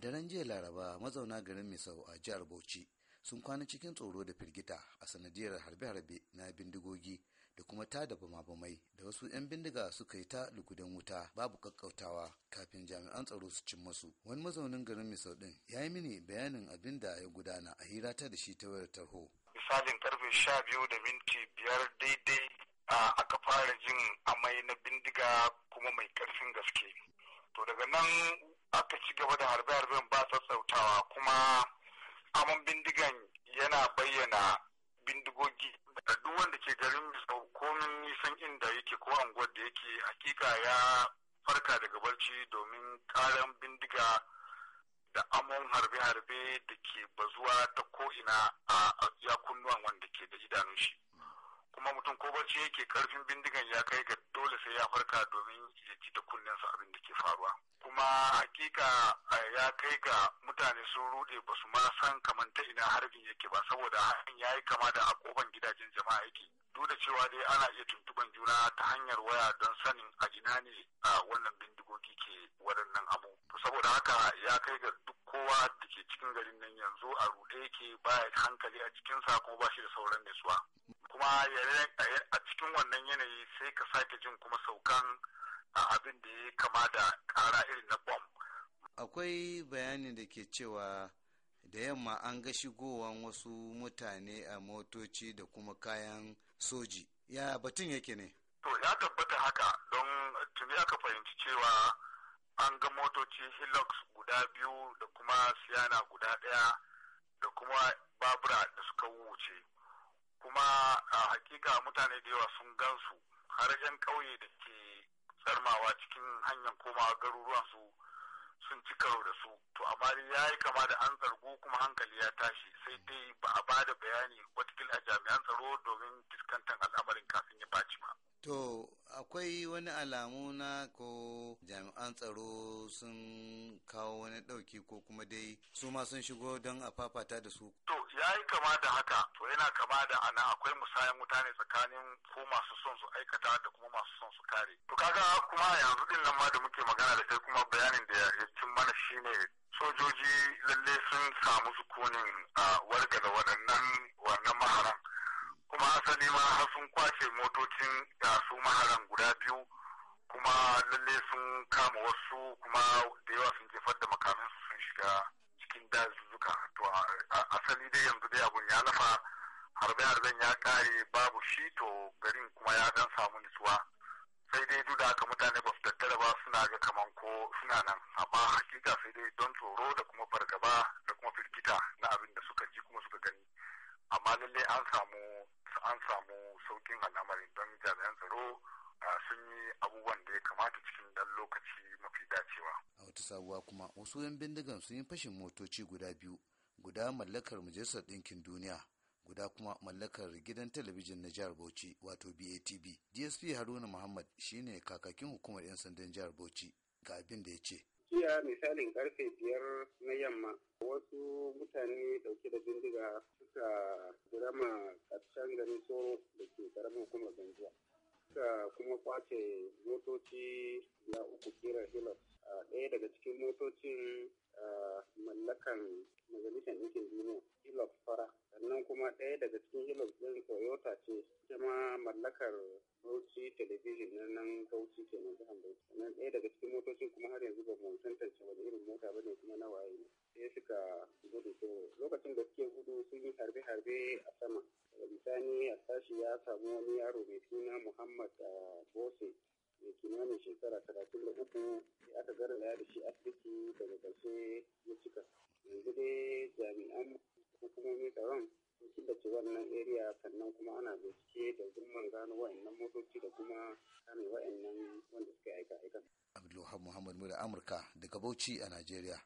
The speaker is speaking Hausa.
daren jiya laraba mazauna garin misau a jihar bauchi sun kwana cikin tsoro da firgita a sanadiyar harbe-harbe na bindigogi da kuma ta da bamabamai da wasu 'yan bindiga suka yi ta lugudan wuta babu kakkautawa kafin jami'an tsaro su cin masu wani mazaunin garin misau din ya yi mini bayanin abin da ya gudana a hira ta da shi ta wayar tarho misalin karfe sha biyu da minti biyar daidai aka fara jin amai na bindiga kuma mai karfin gaske to daga nan aka ci gaba da harbe-harben ba sassautawa kuma amon bindigan yana bayyana bindigogi da duk wanda ke garin komin nisan inda yake ko anguwar da yake hakika ya farka daga barci domin karan bindiga da amon harbe-harbe da ke bazuwa ta ko'ina a ya wanda ke da idanun shi kuma mutum ko barci yake karfin bindigan ya kai ga dole sai ya farka domin ya ji da kunnen abin da ke faruwa kuma hakika eh, ya kai ga mutane sun rude ba su ma san kamar ta ina harbin yake ba saboda hakan ya yi kama da a gidajen jama'a yake duk da cewa dai ana iya tuntuban juna ta hanyar waya don sanin a ina ne a wannan bindigogi ke waɗannan abu saboda haka ya kai ga duk kowa da ke cikin garin nan yanzu a rude yake baya hankali a cikinsa kuma ba shi da sauran natsuwa. kuma a cikin wannan yanayi sai ka sake jin kuma saukan a abin da ya kama da kara irin na bom. Akwai bayanin da ke cewa da yamma an ga shigowan wasu mutane a motoci da kuma kayan soji. Ya batun yake ne? To ya tabbata haka don tuni aka fahimci cewa an ga motoci Hilux guda biyu da kuma Siyana guda ɗaya da kuma Babura da suka wuce. kuma a hakika mutane da yawa sun gansu har 'yan ƙauye da ke tsarmawa cikin hanyar komawa garuruwan su sun ci karo da su to amma ya yi kama da an zargo kuma hankali ya tashi sai dai ba a ba da bayani watakila a jami'an tsaro domin fuskantar al'amarin kafin ya baci ba. to akwai wani alamu na ko jami'an tsaro sun kawo wani ɗauki ko kuma dai su ma sun shigo don a fafata da su. To ya yi kama da haka to yana kama da ana akwai musayan mutane tsakanin ko masu son su aikata da kuma masu son su kare. To kaga kuma yanzu din nan ma da muke magana da kai kuma bayanin da ya cin mana shine sojoji lalle sun samu sukunin a ah, wargaza waɗannan wannan maharan. kuma asali ma har sun kwace motocin da su maharan guda biyu kuma lalle sun kama wasu kuma da yawa sun jefar da makamansu sun shiga cikin dazuzzuka to asali dai yanzu dai abun ya lafa harbe harben ya kare babu shi to garin kuma ya dan samu nutsuwa sai dai duk da haka mutane ba su tattara ba suna ga kaman ko suna nan amma hakika sai dai don tsoro da kuma fargaba da kuma firgita na abin da suka ji kuma suka gani amma lalle an samu an samu saukin al'amarin don jami'an tsaro sun yi abubuwan da ya kamata cikin dan lokaci mafi dacewa. A wata sabuwa kuma wasu 'yan bindigan sun yi fashin motoci guda biyu, guda mallakar majalisar ɗinkin duniya, guda kuma mallakar gidan talabijin na jihar Bauchi wato BATB. DSP Haruna Muhammad shine kakakin hukumar 'yan sandan jihar Bauchi ga abin da ya ce. Jiya misalin karfe biyar na yamma wasu mutane dauke da bindiga suka girama ganin tsoro da ke karamin hukumar ganjiya suka kuma kwace motoci ya uku kira hilux ɗaya daga cikin motocin mallakan majalisar ɗinkin duniya hilux fara sannan kuma ɗaya daga cikin hilux ɗin toyota ce kuma mallakar bauchi television na nan bauchi ke nan jihar bauchi sannan ɗaya daga cikin motocin kuma har yanzu ba mu tantance wani irin mota ba ne kuma na waye ne sai suka gudu to lokacin da suke gudu sun yi harbe-harbe a sama shi ya samu wani yaro mai suna muhammad ah, bose mai kimanin shekara talatin da uku aka garaya da shi asibiti daga ƙarshe ya cika yanzu dai jami'an hukumomi tsaron sun killace wannan area sannan kuma ana bincike da zumman gano wa'annan motoci da kuma kame wa'annan wanda suka aika aika Abdullahi Muhammad Mura Amurka daga Bauchi a Najeriya.